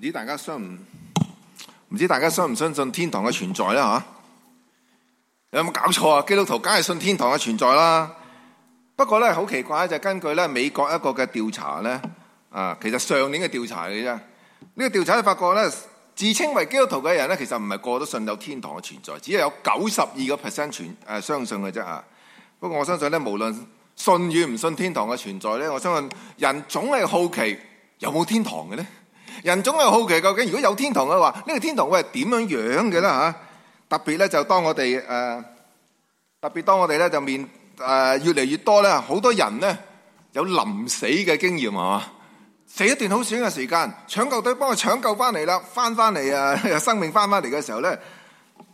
唔知大家相唔唔知大家相唔相信天堂嘅存在咧嚇？有冇搞錯啊？基督徒梗係信天堂嘅存在啦。不過咧好奇怪就根據咧美國一個嘅調查咧啊，其實上年嘅調查嘅啫。呢個調查咧發覺咧，自稱為基督徒嘅人咧，其實唔係個個都信有天堂嘅存在，只係有九十二個 percent 全誒相信嘅啫啊。不過我相信咧，無論信與唔信天堂嘅存在咧，我相信人總係好奇有冇天堂嘅咧。人總係好奇究竟如果有天堂嘅話，呢、這個天堂會係點樣樣嘅咧吓？特別咧就當我哋誒、呃，特別當我哋咧就面誒、呃、越嚟越多咧，好多人咧有臨死嘅經驗啊！死一段好短嘅時間，搶救隊幫佢搶救翻嚟啦，翻翻嚟啊，生命翻翻嚟嘅時候咧，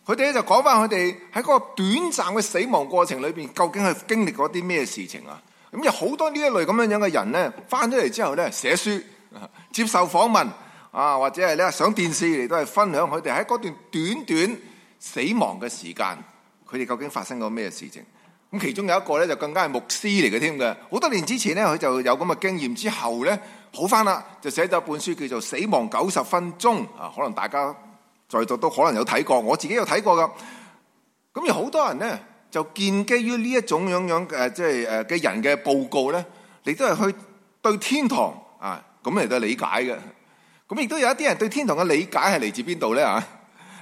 佢哋咧就講翻佢哋喺嗰個短暫嘅死亡過程裏邊，究竟係經歷過啲咩事情啊？咁、嗯、有好多呢一類咁樣樣嘅人咧，翻咗嚟之後咧寫書。接受訪問啊，或者係咧上電視嚟都係分享佢哋喺嗰段短短死亡嘅時間，佢哋究竟發生過咩事情？咁其中有一個咧就更加係牧師嚟嘅添嘅，好多年之前咧佢就有咁嘅經驗，之後咧好返啦，就寫咗一本書叫做《死亡九十分鐘》啊，可能大家在座都可能有睇過，我自己有睇過㗎。咁有好多人咧就建基於呢一種樣樣嘅，呃，即係誒嘅人嘅報告咧，亦都係去對天堂。咁亦都係理解嘅。咁亦都有一啲人對天堂嘅理解係嚟自邊度咧？啊，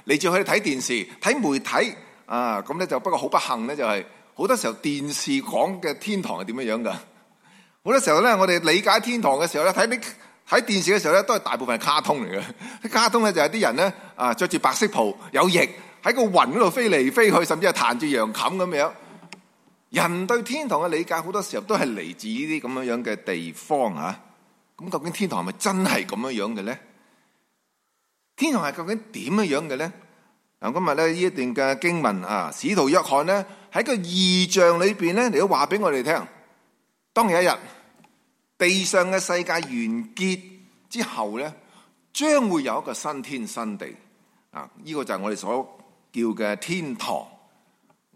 嚟自去睇電視、睇媒體啊。咁咧就不過好不幸咧、就是，就係好多時候電視講嘅天堂係點樣樣嘅。好多時候咧，我哋理解天堂嘅時候咧，睇啲睇電視嘅時候咧，都係大部分係卡通嚟嘅。卡通咧就有啲人咧啊，著住白色袍，有翼喺個雲嗰度飛嚟飛去，甚至係彈住洋琴咁樣。人對天堂嘅理解好多時候都係嚟自呢啲咁樣樣嘅地方啊。咁究竟天堂係咪真係咁樣樣嘅咧？天堂係究竟點樣樣嘅咧？嗱，今日咧呢一段嘅經文啊，使徒約翰咧喺個異象裏邊咧嚟到話俾我哋聽，當有一日地上嘅世界完結之後咧，將會有一個新天新地啊！呢個就係我哋所叫嘅天堂。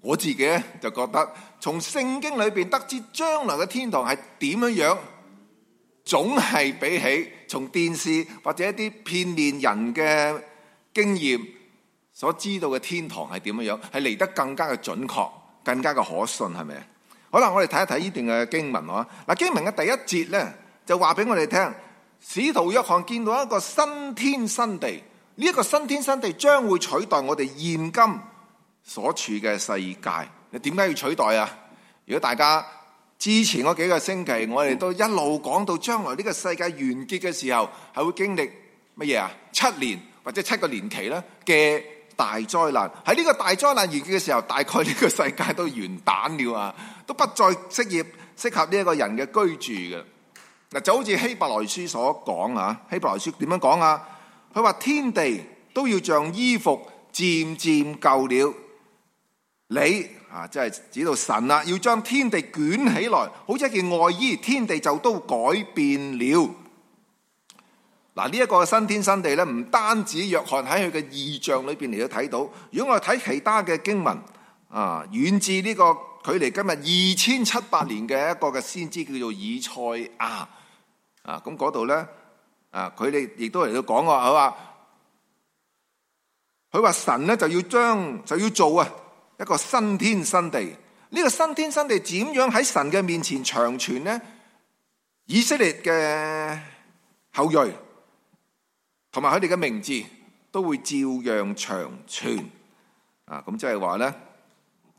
我自己咧就覺得，從聖經裏邊得知將來嘅天堂係點樣樣。總係比起從電視或者一啲片面人嘅經驗所知道嘅天堂係點樣樣，係嚟得更加嘅準確，更加嘅可信，係咪啊？好啦，我哋睇一睇呢段嘅經文啊。嗱，經文嘅第一節呢，就話俾我哋聽，使徒約翰見到一個新天新地，呢一個新天新地將會取代我哋現今所處嘅世界。你點解要取代啊？如果大家，之前嗰幾個星期，我哋都一路講到將來呢個世界完結嘅時候，係會經歷乜嘢啊？七年或者七個年期咧嘅大災難，喺呢個大災難完結嘅時候，大概呢個世界都完蛋了啊，都不再適應適合呢個人嘅居住嘅。嗱就好似希伯來書所講啊，希伯來書點樣講啊？佢話天地都要像衣服漸漸舊了，你。啊！即係指到神啦，要將天地捲起來，好似一件外衣，天地就都改變了。嗱，呢一個新天新地咧，唔單止約翰喺佢嘅異象裏邊嚟到睇到，如果我哋睇其他嘅經文，啊，遠至呢個距離今日二千七百年嘅一個嘅先知叫做以賽亞，啊，咁嗰度咧，啊，佢哋亦都嚟到講話，係嘛？佢話神咧就要將就要做啊！一個新天新地，呢個新天新地點樣在神的面前長存呢？以色列的後裔和佢哋的名字都會照樣長存啊！咁即係話呢，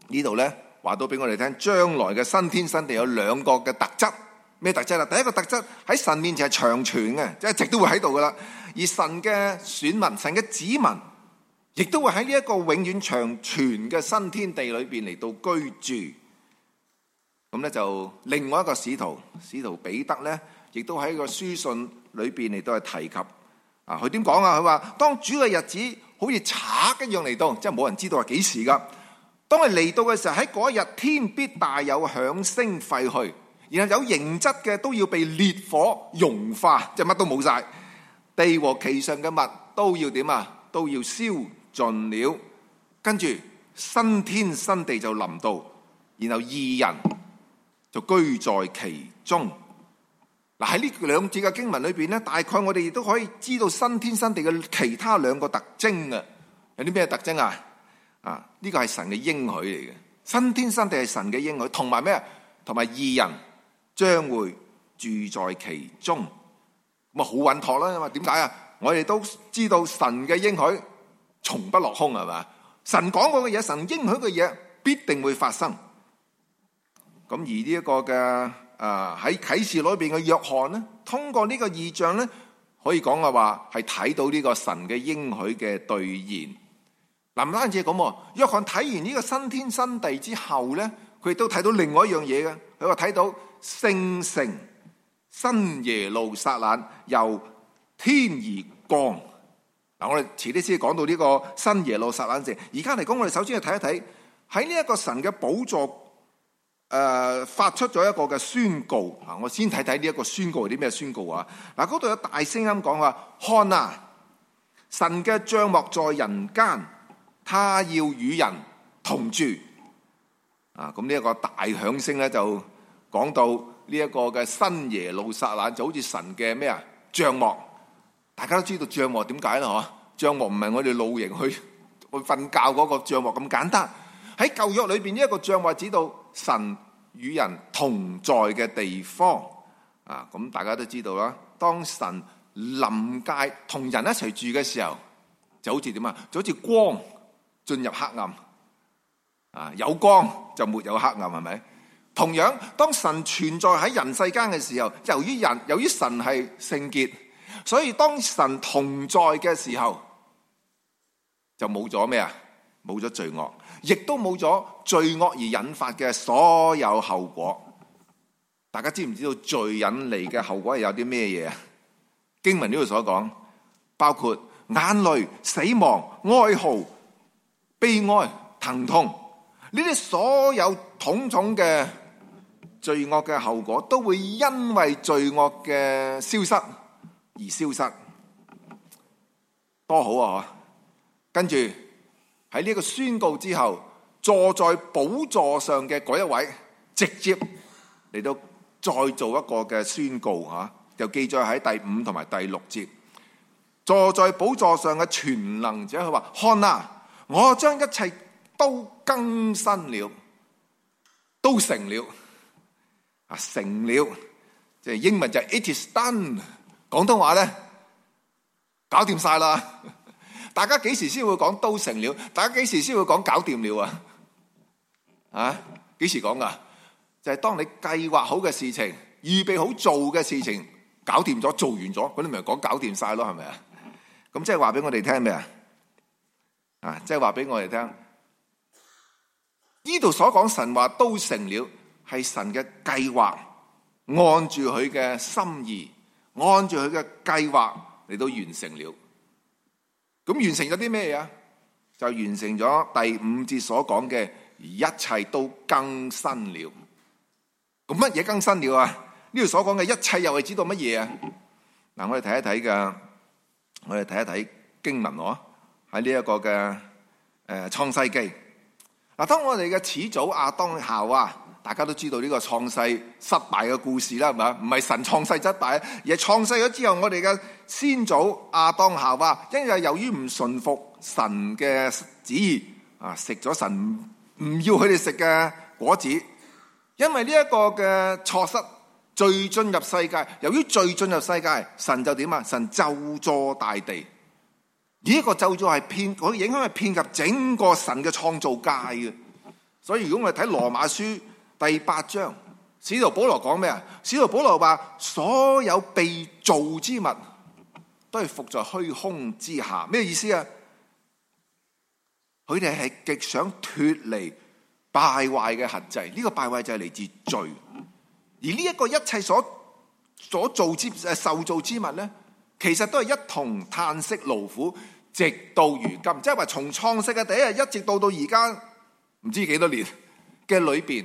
呢度呢，話到俾我哋聽，將來的新天新地有兩個嘅特質。咩特質呢？第一個特質在神面前是長存嘅，即係一直都會在這裏㗎喇。而神的選民，神的子民。亦都會喺呢一個永遠長存嘅新天地裏邊嚟到居住，咁咧就另外一個使徒使徒彼得咧，亦都喺個書信裏邊嚟到去提及，啊，佢點講啊？佢話當主嘅日子好似賊一樣嚟到，即係冇人知道係幾時噶。當佢嚟到嘅時候，喺嗰一日天，天必大有響聲廢去，然後有形質嘅都要被烈火融化，即係乜都冇晒，地和其上嘅物都要點啊？都要燒。盡了，跟住新天新地就臨到，然後二人就居在其中。嗱，喺呢兩節嘅經文裏邊咧，大概我哋亦都可以知道新天新地嘅其他兩個特徵，什麼特徵啊？有啲咩特徵啊？啊呢個係神嘅應許嚟嘅，新天新地係神嘅應許，同埋咩啊？同埋二人將會住在其中。咁啊好穩妥啦，因為點解啊？我哋都知道神嘅應許。從不落空係嘛？神講過嘅嘢，神應許嘅嘢必定會發生。咁而呢、這、一個嘅啊喺啟示裏邊嘅約翰呢，通過呢個異象呢，可以講嘅話係睇到呢個神嘅應許嘅兌現。嗱，唔單止係咁，約翰睇完呢個新天新地之後呢，佢亦都睇到另外一樣嘢嘅。佢話睇到聖城新耶路撒冷由天而降。我哋遲啲先講到呢個新耶路撒冷城。而家嚟講，我哋首先去睇一睇喺呢個個神嘅寶座誒、呃，發出咗一個嘅宣告。我先睇睇呢個個宣告係啲咩宣告啊？嗱，嗰度有大聲音講話，看啊！神嘅帳幕在人間，他要與人同住。啊，咁呢個大響聲呢就講到呢一個嘅新耶路撒冷就好似神嘅咩啊帳幕。大家都知道帳幕點解啦，嗬？帳幕唔係我哋露營去去瞓覺嗰個帳幕咁簡單。喺舊約裏邊呢一個帳幕，指到神與人同在嘅地方。啊，咁大家都知道啦。當神臨界同人一齊住嘅時候，就好似點啊？就好似光進入黑暗。啊，有光就沒有黑暗，係咪？同樣，當神存在喺人世間嘅時候，由於人，由於神係聖潔。所以當神同在嘅時候，就冇咗咩啊？冇咗罪惡，亦都冇咗罪惡而引發嘅所有後果。大家知唔知道罪引嚟嘅後果係有啲咩嘢啊？經文呢度所講，包括眼淚、死亡、哀號、悲哀、疼痛呢啲所有種種嘅罪惡嘅後果，都會因為罪惡嘅消失而消失，多好啊！跟住喺呢一個宣告之後，坐在寶座上嘅嗰一位，直接嚟到再做一個嘅宣告，吓、啊、就記載喺第五同埋第六節。坐在寶座上嘅全能者，佢話：看啊，我將一切都更新了，都成了，啊，成了，即係英文就係 It is done。廣東話呢，搞掂晒啦！大家幾時先會講都成了？大家幾時先會講搞掂了啊？啊，幾時講㗎？就係、是、當你計劃好嘅事情、預備好做嘅事情搞掂咗、做完咗，嗰啲咪講搞掂晒咯，是係咪啊？咁即係話俾我哋聽咩啊？啊，即係話俾我哋聽，呢度所講神話都成了，係神嘅計劃，按住佢嘅心意。按住佢嘅計劃你都完成了，咁完成咗啲咩啊？就完成咗第五節所講嘅，一切都更新了。咁乜嘢更新了啊？呢度所講嘅一切又係指到乜嘢啊？嗱，我哋睇一睇嘅，我哋睇一睇經文咯，喺呢一個嘅創世紀。當我哋嘅始祖亞當夏娃啊。大家都知道呢個創世失敗嘅故事啦，係嘛？唔係神創世失敗，而係創世咗之後，我哋嘅先祖亞當夏娃，因為由於唔順服神嘅旨意，啊，食咗神唔要佢哋食嘅果子。因為呢一個嘅錯失，罪進入世界。由於罪進入世界，神就點啊？神咒詛大地。呢一個咒詛係遍，佢影響係遍及整個神嘅創造界嘅。所以如果我哋睇羅馬書。第八章，使徒保羅講咩啊？使徒保羅話：所有被造之物都係伏在虛空之下，咩意思啊？佢哋係極想脱離敗壞嘅轄制，呢、呢個敗壞就係嚟自罪。而呢一個一切所所造之誒受造之物咧，其實都係一同嘆息勞苦，直到如今，即係話從創世嘅第一日一直到到而家唔知幾多年嘅裏邊。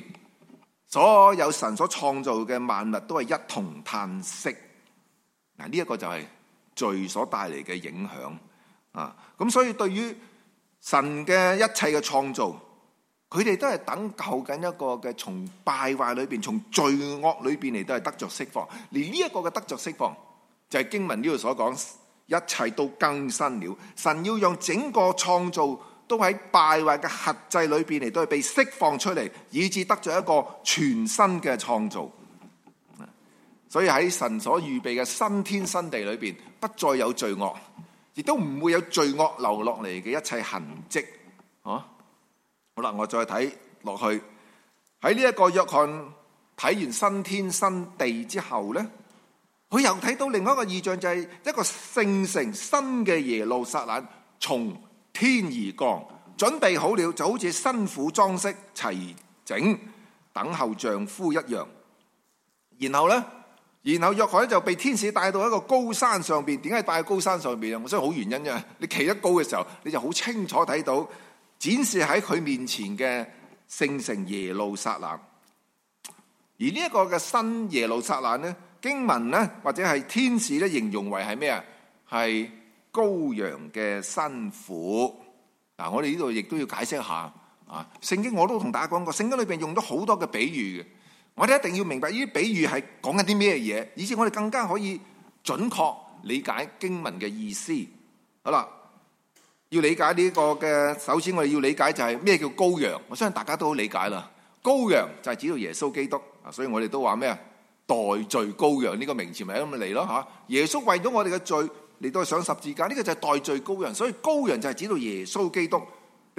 所有神所創造嘅萬物都係一同嘆息，嗱呢一個就係罪所帶嚟嘅影響啊！咁所以對於神嘅一切嘅創造，佢哋都係等候緊一個嘅從敗壞裏邊，從罪惡裏邊嚟都係得着釋放。連呢一個嘅得着釋放，就係、是、經文呢度所講，一切都更新了。神要讓整個創造。都喺敗壞嘅核制裏邊嚟，都係被釋放出嚟，以致得咗一個全新嘅創造。所以喺神所預備嘅新天新地裏邊，不再有罪惡，亦都唔會有罪惡留落嚟嘅一切痕跡。啊，好啦，我再睇落去喺呢一個約翰睇完新天新地之後呢，佢又睇到另外一個異象，就係一個聖城新嘅耶路撒冷從天而降，準備好了，就好似新婦裝飾齊整，等候丈夫一樣。然後呢，然後約翰就被天使帶到一個高山上邊。點解帶去高山上邊啊？我所以好原因啫。你企得高嘅時候，你就好清楚睇到展示喺佢面前嘅聖城耶路撒冷。而呢一個嘅新耶路撒冷呢，經文呢，或者係天使咧形容為係咩啊？係。羔羊嘅辛苦嗱，我哋呢度亦都要解釋一下啊！聖經我都同大家講過，聖經裏邊用咗好多嘅比喻嘅，我哋一定要明白呢啲比喻係講緊啲咩嘢，以至我哋更加可以準確理解經文嘅意思。好啦，要理解呢個嘅，首先我哋要理解就係咩叫羔羊，我相信大家都好理解啦。羔羊就係指到耶穌基督啊，所以我哋都話咩啊，代罪羔羊呢個名詞咪咁嚟咯吓？耶穌為咗我哋嘅罪。你都係上十字架，呢個就係代罪羔羊，所以羔羊就係指到耶穌基督。誒，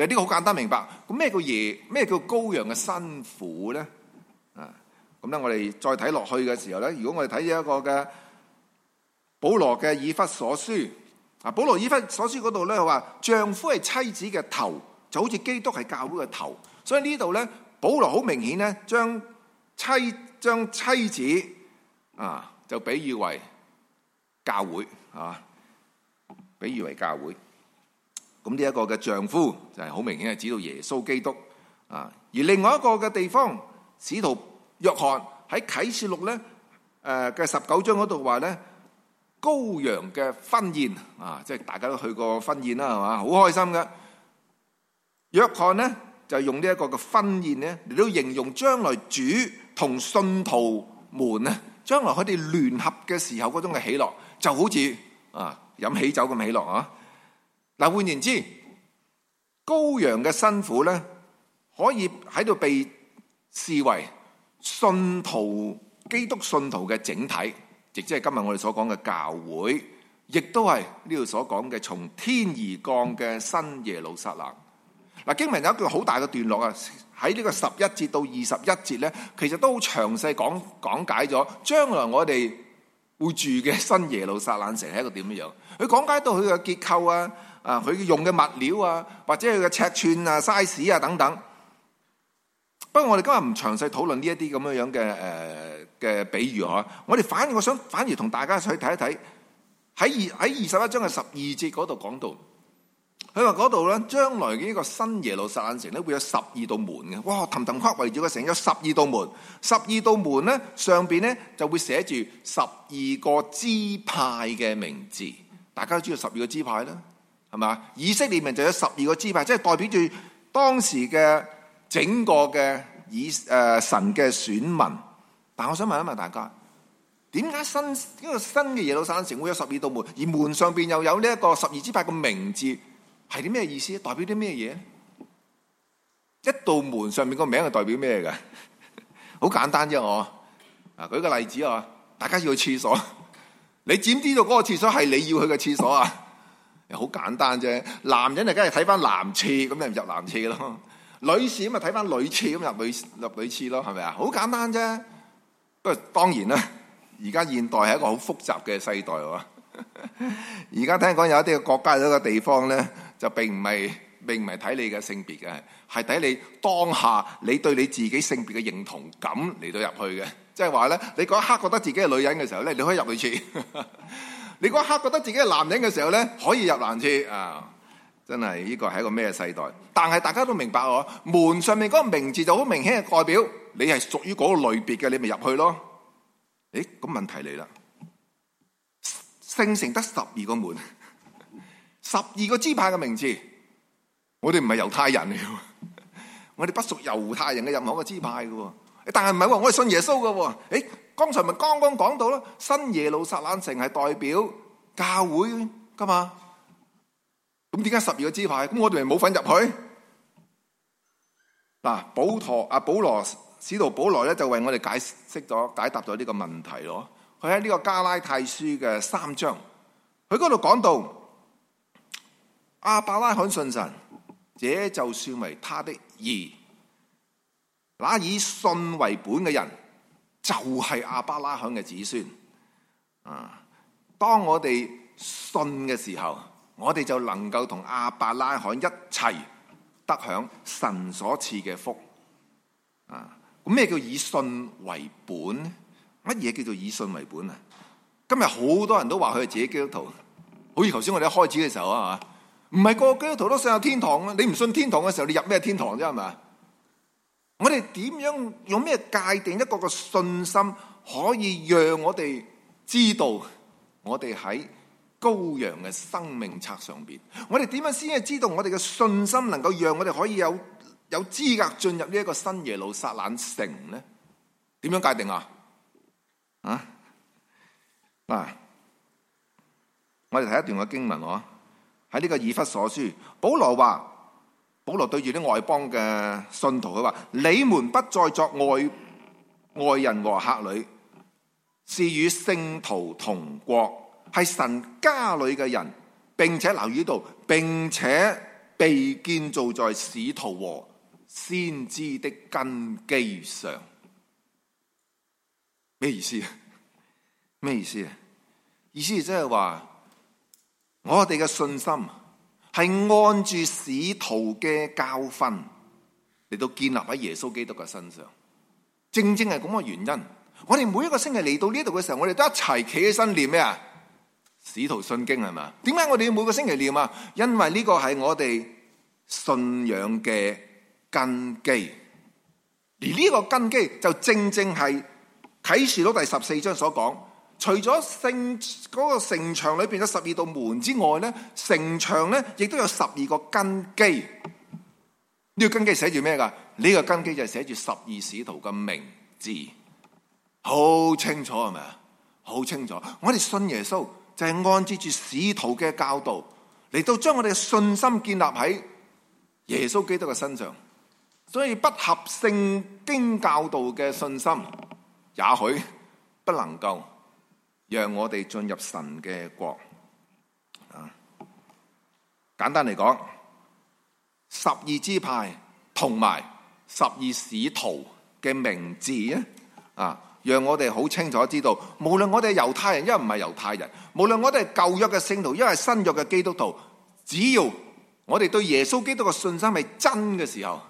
呢個好簡單明白。咁咩叫耶？咩叫羔羊嘅辛苦咧？啊，咁咧我哋再睇落去嘅時候咧，如果我哋睇咗一個嘅保羅嘅以弗所書啊，保羅以弗所書嗰度咧，佢話丈夫係妻子嘅頭，就好似基督係教會嘅頭。所以呢度咧，保羅好明顯咧，將妻將妻子啊，就比喻為教會，係嘛？比喻為教會，咁呢一個嘅丈夫就係好明顯係指到耶穌基督啊。而另外一個嘅地方，使徒約翰喺啟示錄咧，誒嘅十九章嗰度話咧，羔羊嘅婚宴啊，即係大家都去過婚宴啦，係嘛，好開心嘅。約翰咧就用呢一個嘅婚宴咧嚟到形容將來主同信徒們啊，將來佢哋聯合嘅時候嗰種嘅喜樂，就好似。啊！飲喜酒咁喜樂啊！嗱，換言之，羔羊嘅辛苦咧，可以喺度被視為信徒基督信徒嘅整體，亦即係今日我哋所講嘅教會，亦都係呢度所講嘅從天而降嘅新耶路撒冷。嗱、啊，經文有一個好大嘅段落啊，喺呢個十一節到二十一節咧，其實都詳細講講,講解咗將來我哋。會住嘅新耶路撒冷城係一個點樣？佢講解到佢嘅結構啊，啊佢用嘅物料啊，或者佢嘅尺寸啊、size 啊等等。不過我哋今日唔詳細討論呢一啲咁樣樣嘅誒嘅比喻嗬。我哋反我想反而同大家去睇一睇喺二喺二十一章嘅十二節嗰度講到。佢話嗰度咧，將來嘅一個新耶路撒冷城咧，會有十二道門嘅。哇，氹氹圈圍繞個城有十二道門，十二道門咧上邊咧就會寫住十二個支派嘅名字。大家都知道十二個支派啦，係嘛？以色列人就有十二個支派，即係代表住當時嘅整個嘅以誒神嘅選民。但我想問一問大家，點解新呢個新嘅耶路撒冷城會有十二道門？而門上邊又有呢一個十二支派嘅名字？係啲咩意思？代表啲咩嘢？一道門上面個名係代表咩㗎？好簡單啫，我啊舉個例子啊，大家要去廁所，你點知，知道嗰個廁所係你要去嘅廁所啊？好簡單啫，男人啊梗係睇翻男廁咁，你唔入男廁咯，女士咁咪睇翻女廁咁入女入女廁咯，係咪啊？好簡單啫。不過當然啦，而家現代係一個好複雜嘅世代，而家聽講有一啲嘅國家有一個地方咧。就並唔係並唔係睇你嘅性別嘅，係睇你當下你對你自己性別嘅認同感嚟到入去嘅。即係話咧，你嗰、就是、一刻覺得自己係女人嘅時候咧，你可以入女廁； 你嗰一刻覺得自己係男人嘅時候咧，可以入男廁啊！真係呢個係一個咩世代？但係大家都明白我，門上面嗰個名字就好明顯嘅代表，你係屬於嗰個類別嘅，你咪入去咯。誒，咁、那個、問題嚟啦，聖城得十二個門。十二個支派嘅名字，我哋唔係猶太人嚟嘅， 我哋不屬猶太人嘅任何嘅支派嘅，但係唔係話我係信耶穌嘅，誒、哎，剛才咪剛剛講到咯，新耶路撒冷城係代表教會噶嘛，咁點解十二個支派咁我哋咪冇份入去？嗱、啊，保陀阿保羅使徒保羅咧就為我哋解釋咗解答咗呢個問題咯，佢喺呢個加拉太書嘅三章，佢嗰度講到。亞伯拉罕信神，這就算為他的義。那以信為本嘅人，就係亞伯拉罕嘅子孫。啊！當我哋信嘅時候，我哋就能夠同亞伯拉罕一齊得享神所賜嘅福。啊！咁咩叫以信為本？乜嘢叫做以信為本啊？今日好多人都話佢係自己基督徒，好似頭先我哋一開始嘅時候啊。唔係個個基督徒都想有天堂啊！你唔信天堂嘅時候，你入咩天堂啫？係咪啊？我哋點樣用咩界定一個個信心，可以讓我哋知道我哋喺羔羊嘅生命冊上邊？我哋點樣先係知道我哋嘅信心能夠讓我哋可以有有資格進入呢一個新耶路撒冷城咧？點樣界定啊？啊嗱，我哋睇一段嘅經文喎。哦喺呢、這個以弗所書，保羅話：保羅對住啲外邦嘅信徒，佢話：你們不再作外外人和客旅，是與聖徒同國，係神家裏嘅人，並且留意到，並且被建造在使徒和先知的根基上。咩意思？咩意思啊？意思即係話。我哋嘅信心係按住使徒嘅教訓嚟到建立喺耶穌基督嘅身上，正正係咁個原因。我哋每一個星期嚟到呢度嘅時候，我哋都一齊企起身念咩啊？使徒信經係嘛？點解我哋要每個星期念啊？因為呢個係我哋信仰嘅根基，而呢個根基就正正係啟示錄第十四章所講。除咗聖嗰個城牆裏邊嘅十二道門之外咧，城牆咧亦都有十二個根基。呢個根基寫住咩噶？呢個根基就係寫住十二使徒嘅名字，好清楚係咪啊？好清楚。我哋信耶穌就係按照住使徒嘅教導嚟到將我哋嘅信心建立喺耶穌基督嘅身上。所以不合聖經教導嘅信心，也許不能夠。讓我哋進入神嘅國。簡單嚟講，十二支派同埋十二使徒嘅名字啊，讓我哋好清楚知道，無論我哋係猶太人，因為唔係猶太人，無論我哋係舊約嘅聖徒，因為新約嘅基督徒，只要我哋對耶穌基督嘅信心係真嘅時候，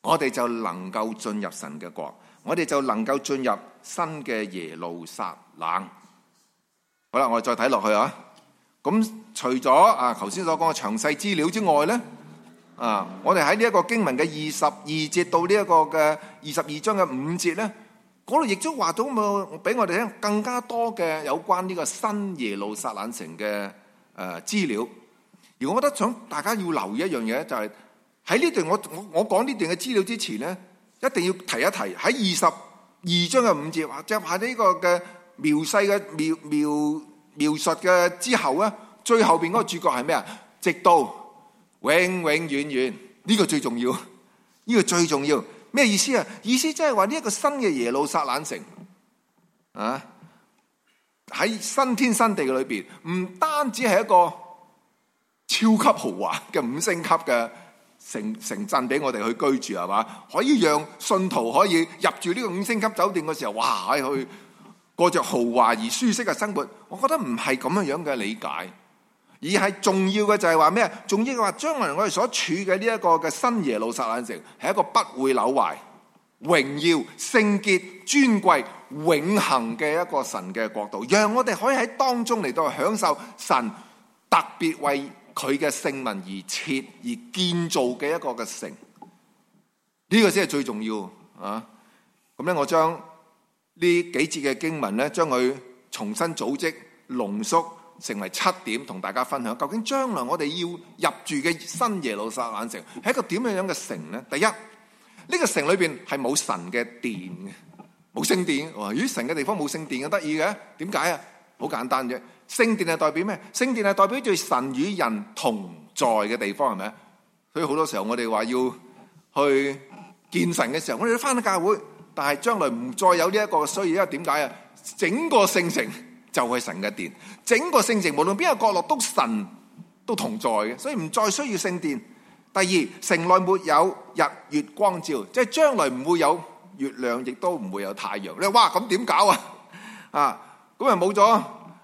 我哋就能夠進入神嘅國。我哋就能夠進入新嘅耶路撒冷。好啦，我哋再睇落去啊。咁除咗啊，頭先所講嘅詳細資料之外咧，啊，我哋喺呢一個經文嘅二十二節到呢一個嘅二十二章嘅五節咧，嗰度亦都話咗冇俾我哋聽更加多嘅有關呢個新耶路撒冷城嘅誒資料。而我覺得想大家要留意一樣嘢，就係喺呢段我我我講呢段嘅資料之前咧。一定要提一提喺二十二章嘅五節，或者係呢個嘅描細嘅描，描述嘅之後咧，最後邊嗰個主角係咩啊？直到永永遠遠呢、這個最重要，呢、這個最重要咩意思啊？意思即係話呢一個新嘅耶路撒冷城啊，喺新天新地嘅裏邊，唔單止係一個超級豪華嘅五星級嘅。城城鎮俾我哋去居住係嘛？可以讓信徒可以入住呢個五星級酒店嘅時候，哇！可以去過着豪華而舒適嘅生活，我覺得唔係咁樣樣嘅理解，而係重要嘅就係話咩？重要嘅話，將來我哋所處嘅呢一個嘅新耶路撒冷城係一個不會扭壞、榮耀、聖潔、尊貴、永恆嘅一個神嘅國度，讓我哋可以喺當中嚟到享受神特別為佢嘅聖民而設而建造嘅一個嘅城，呢個先係最重要啊！咁咧，我將呢幾節嘅經文咧，將佢重新組織濃縮，成為七點，同大家分享。究竟將來我哋要入住嘅新耶路撒冷城係一個點樣樣嘅城咧？第一，呢個城裏邊係冇神嘅殿冇聖殿。話咦，神、呃、嘅地方冇聖殿嘅得意嘅？點解啊？好簡單啫，聖殿係代表咩？聖殿係代表住神與人同在嘅地方，係咪啊？所以好多時候我哋話要去見神嘅時候，我哋都翻咗教會，但係將來唔再有呢一個需要，因為點解啊？整個聖城就係神嘅殿，整個聖城無論邊個角落都神都同在嘅，所以唔再需要聖殿。第二，城內沒有日月光照，即係將來唔會有月亮，亦都唔會有太陽。你話哇咁點搞啊？啊！咁啊冇咗，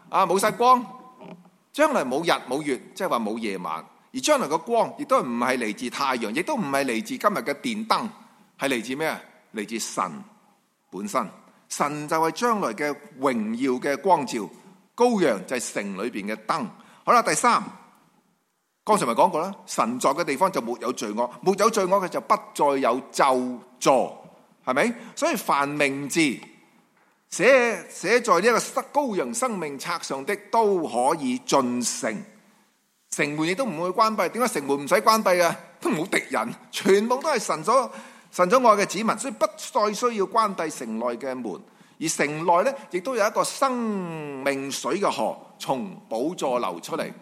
啊冇晒光，將來冇日冇月，即係話冇夜晚。而將來個光亦都唔係嚟自太陽，亦都唔係嚟自今日嘅電燈，係嚟自咩啊？嚟自神本身。神就係將來嘅榮耀嘅光照，羔羊就係城裏邊嘅燈。好啦，第三，剛才咪講過啦，神在嘅地方就沒有罪惡，沒有罪惡嘅就不再有咒詛，係咪？所以凡名字。寫寫在呢一個羔羊生命冊上的都可以進城，城門亦都唔會關閉。點解城門唔使關閉啊？都冇敵人，全部都係神所神所愛嘅子民，所以不再需要關閉城內嘅門。而城內呢亦都有一個生命水嘅河從寶座流出嚟，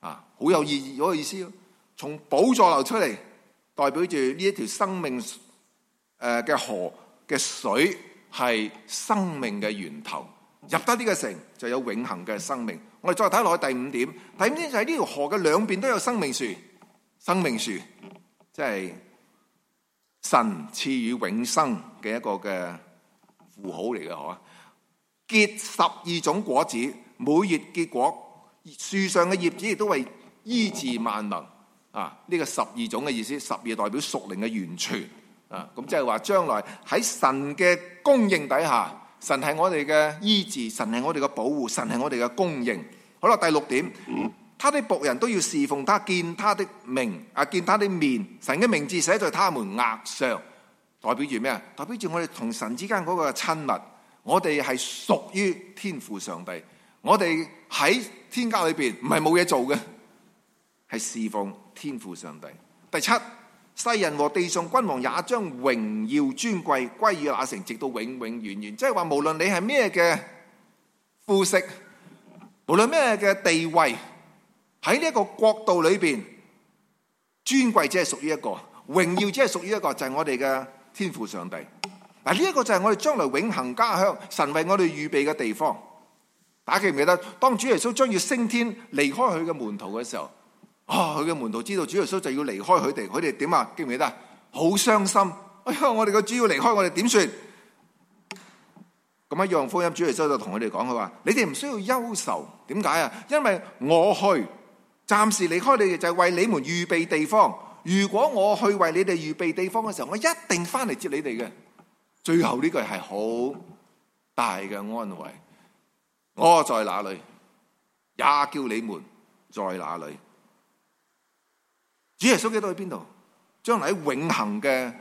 啊，好有意義嗰個意思咯。從寶座流出嚟，代表住呢一條生命誒嘅河嘅水。係生命嘅源頭，入得呢個城就有永恒嘅生命。我哋再睇落去第五點，第五點就係呢條河嘅兩邊都有生命樹，生命樹即係神賜予永生嘅一個嘅符號嚟嘅嗬。結十二種果子，每月結果樹上嘅葉子亦都係醫治萬能啊！呢、這個十二種嘅意思，十二代表屬靈嘅完全。啊，咁即係話將來喺神嘅供應底下，神係我哋嘅醫治，神係我哋嘅保護，神係我哋嘅供應。好啦，第六點，嗯、他的僕人都要侍奉他，見他的名啊，見他的面。神嘅名字寫在他們額上，代表住咩？代表住我哋同神之間嗰個親密，我哋係屬於天父上帝，我哋喺天家裏邊唔係冇嘢做嘅，係侍奉天父上帝。第七。世人和地上君王也將榮耀尊貴歸於那城，直到永永遠遠。即係話，無論你係咩嘅膚色，無論咩嘅地位，喺呢一個國度裏邊，尊貴只係屬於一個，榮耀只係屬於一個，就係、是、我哋嘅天父上帝。嗱，呢一個就係我哋將來永恆家鄉，神為我哋預備嘅地方。大家記唔記得，當主耶穌將要升天離開佢嘅門徒嘅時候？啊！佢嘅、哦、門徒知道主耶穌就要離開佢哋，佢哋點啊？記唔記得？好傷心！哎呀，我哋個主要離開我哋點算？咁啊，約翰福音主耶穌就同佢哋講：佢話你哋唔需要憂愁，點解啊？因為我去暫時離開你哋，就係為你們預備地方。如果我去為你哋預備地方嘅時候，我一定翻嚟接你哋嘅。最後呢句係好大嘅安慰。我在哪裏，也叫你們在哪裏。主耶穌基督喺邊度？將來喺永恒嘅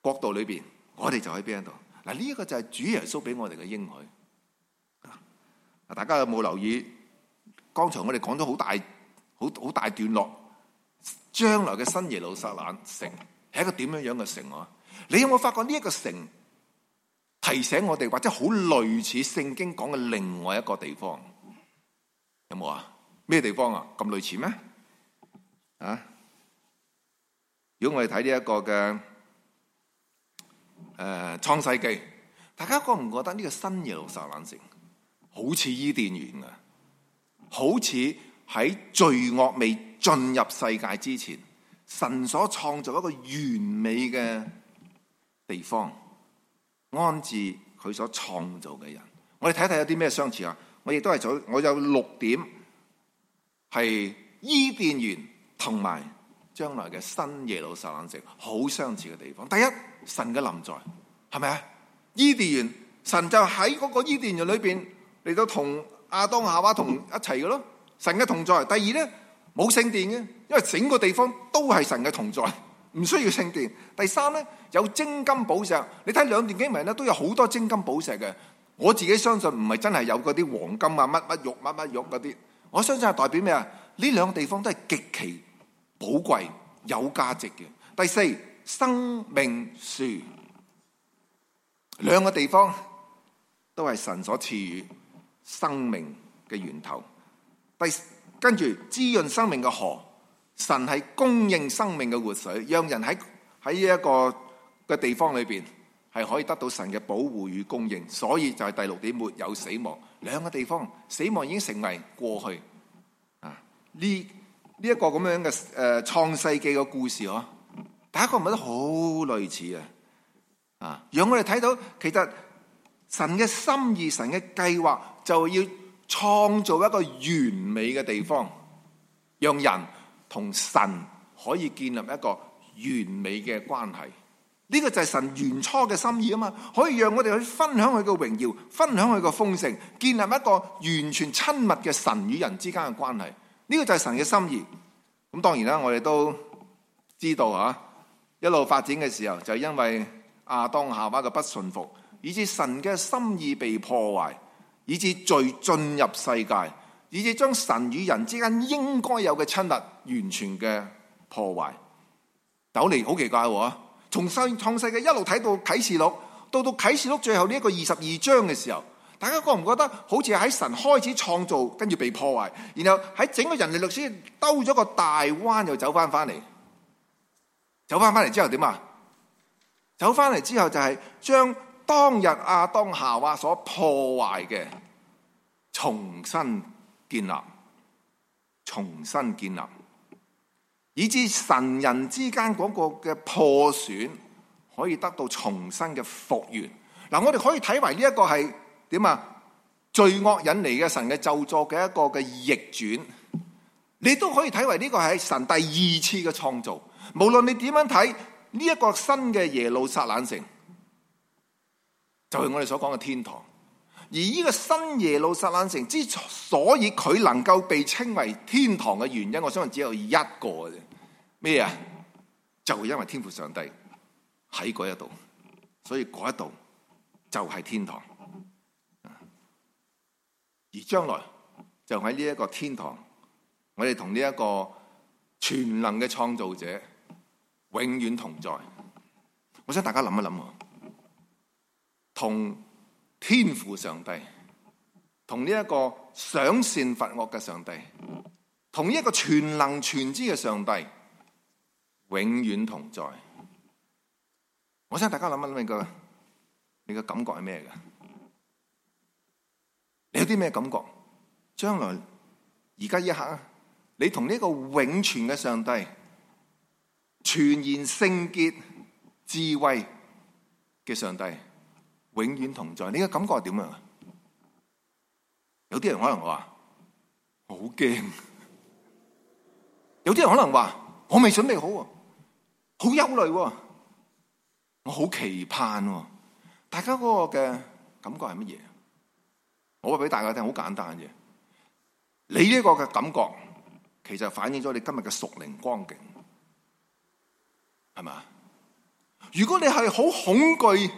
國度裏邊，我哋就喺邊一度。嗱，呢個就係主耶穌俾我哋嘅應許。大家有冇留意？剛才我哋講咗好大，好好大段落，將來嘅新耶路撒冷城係一個點樣樣嘅城啊？你有冇發覺呢一個城提醒我哋，或者好類似聖經講嘅另外一個地方？有冇啊？咩地方啊？咁類似咩？啊！如果我哋睇呢一個嘅，誒創世紀，大家覺唔覺得呢個新耶路撒冷城好似伊甸園啊？好似喺罪惡未進入世界之前，神所創造一個完美嘅地方，安置佢所創造嘅人。我哋睇睇有啲咩相似啊？我亦都係我有六點係伊甸園。同埋將來嘅新耶路撒冷城好相似嘅地方。第一，神嘅臨在係咪啊？伊甸園神就喺嗰個伊甸園裏邊嚟到同亞當夏娃同一齊嘅咯。神嘅同在。第二咧，冇聖殿嘅，因為整個地方都係神嘅同在，唔需要聖殿。第三咧，有精金寶石。你睇兩段經文咧，都有好多精金寶石嘅。我自己相信唔係真係有嗰啲黃金啊乜乜玉乜乜玉嗰啲。我相信係代表咩啊？呢兩個地方都係極其寶貴有價值嘅第四生命樹，兩個地方都係神所賜予生命嘅源頭。第跟住滋潤生命嘅河，神係供應生命嘅活水，讓人喺喺呢一個嘅地方裏面係可以得到神嘅保護與供應。所以就係第六點，沒有死亡。兩個地方死亡已經成為過去。啊呢？呢一個咁樣嘅誒創世紀嘅故事嗬，大家覺唔覺得好類似啊？啊讓我哋睇到其實神嘅心意、神嘅計劃，就要創造一個完美嘅地方，讓人同神可以建立一個完美嘅關係。呢，這個就係神原初嘅心意啊嘛，可以讓我哋去分享佢嘅榮耀，分享佢嘅豐盛，建立一個完全親密嘅神與人之間嘅關係。呢個就係神嘅心意，咁當然啦，我哋都知道啊。一路發展嘅時候，就因為亞當夏娃嘅不順服，以至神嘅心意被破壞，以至罪進入世界，以至將神與人之間應該有嘅親密完全嘅破壞。走嚟好奇怪啊！從創世記一路睇到啟示錄，到到啟示錄最後呢一個二十二章嘅時候。大家覺唔覺得好似喺神開始創造，跟住被破壞，然後喺整個人類歷史兜咗個大彎，又走翻翻嚟，走翻翻嚟之後點啊？走翻嚟之後就係將當日亞當夏娃所破壞嘅重新建立，重新建立，以至神人之間嗰個嘅破損可以得到重新嘅復原。嗱，我哋可以睇埋呢一個係。點啊！罪惡引嚟嘅神嘅咒作嘅一個嘅逆轉，你都可以睇為呢個係神第二次嘅創造。無論你點樣睇呢一個新嘅耶路撒冷城，就係我哋所講嘅天堂。而呢個新耶路撒冷城之所以佢能夠被稱為天堂嘅原因，我相信只有一個嘅啫。咩啊？就因為天父上帝喺嗰一度，所以嗰一度就係天堂。而將來就喺呢一個天堂，我哋同呢一個全能嘅創造者永遠同在。我想大家諗一諗，同天父上帝，同呢一個賞善罰惡嘅上帝，同呢一個全能全知嘅上帝永遠同在。我想大家諗一諗，你個你嘅感覺係咩嘅？啲咩感覺？將來而家一刻，你同呢個永存嘅上帝全然聖潔、智慧嘅上帝永遠同在，你嘅感覺係點樣啊？有啲人可能話好驚，有啲人可能話我未準備好，啊，好憂慮，我好期盼。大家嗰個嘅感覺係乜嘢？我話俾大家聽，好簡單嘅。你呢個嘅感覺，其實反映咗你今日嘅屬靈光景，係咪？如果你係好恐懼，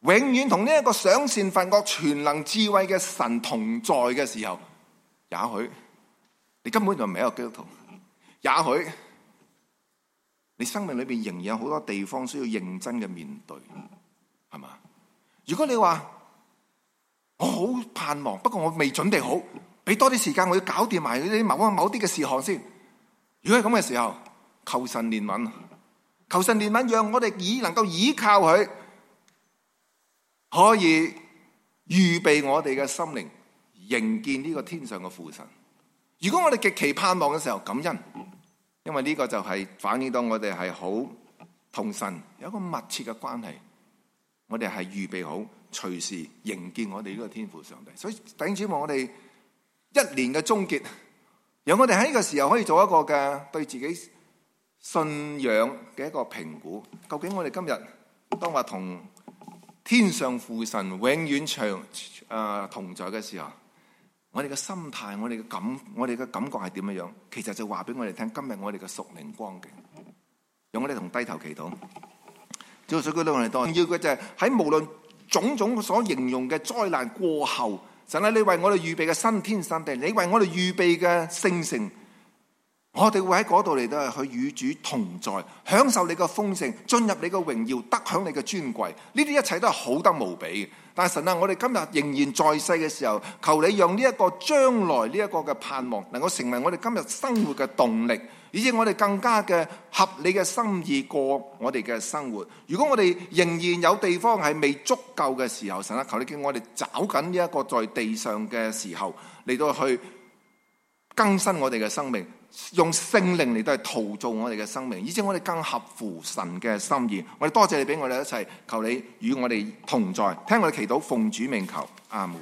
永遠同呢一個賞善罰惡、全能智慧嘅神同在嘅時候，也許你根本就唔係一個基督徒。也許你生命裏面仍然有好多地方需要認真嘅面對，係咪？如果你話，我好盼望，不過我未準備好，俾多啲時間我要搞掂埋啲某某啲嘅事項先。如果係咁嘅時候，求神憐憫，求神憐憫，讓我哋以能夠依靠佢，可以預備我哋嘅心靈，迎見呢個天上嘅父神。如果我哋極其盼望嘅時候，感恩，因為呢個就係反映到我哋係好同神有一個密切嘅關係，我哋係預備好。隨時迎見我哋呢個天父上帝，所以頂主望我哋一年嘅終結，讓我哋喺呢個時候可以做一個嘅對自己信仰嘅一個評估。究竟我哋今日當話同天上父神永遠長誒同在嘅時候，我哋嘅心態、我哋嘅感、我哋嘅感覺係點樣樣？其實就話俾我哋聽，今日我哋嘅屬靈光景。讓我哋同低頭祈禱，做數據都係重要嘅，就係喺無論。種種所形容嘅災難過後，神啊，你為我哋預備嘅新天新地，你為我哋預備嘅聖城，我哋會喺嗰度嚟到去與主同在，享受你嘅豐盛，進入你嘅榮耀，得享你嘅尊貴，呢啲一切都係好得無比嘅。但係神啊，我哋今日仍然在世嘅時候，求你讓呢一個將來呢一個嘅盼望，能夠成為我哋今日生活嘅動力，以至我哋更加嘅合理嘅心意過我哋嘅生活。如果我哋仍然有地方係未足夠嘅時候，神啊，求你叫我哋找緊呢一個在地上嘅時候嚟到去更新我哋嘅生命。用聖靈嚟到去陶造我哋嘅生命，而且我哋更合乎神嘅心意。我哋多謝你俾我哋一齊，求你與我哋同在，聽我哋祈禱，奉主命求阿門。